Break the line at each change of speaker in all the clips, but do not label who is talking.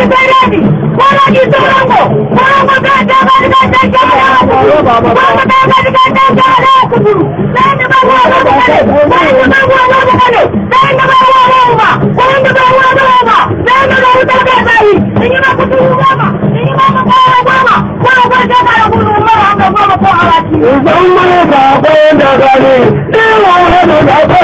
ariperedi kolagitorongo kolagokatabarigatakaaakuburu ndakani ndiwaeno zakwe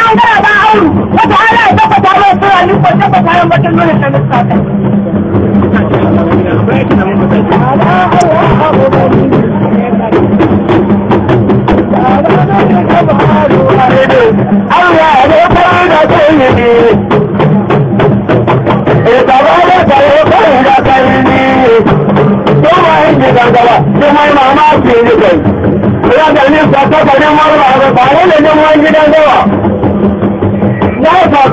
tabbatar mana ta lissafa Allah ya kai da kai ne Eh baba da kai kai da kai ne to mai ne gangaba to mai mama ce kai ina da ne ta ta ne mai ba ba ne ne mai gidan gawa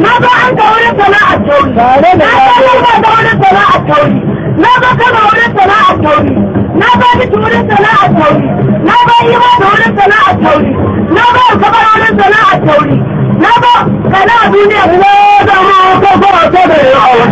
na zo an ka wurin sana'ar tauri na zo yalba da wurin sana'ar tauri na zo kama wurin sana'ar tauri na zo miki wurin sana'ar tauri na zo iwa da wurin sana'ar tauri na zo a wurin sana'ar tauri na zo kana duniya a zama ko ko ko da yawa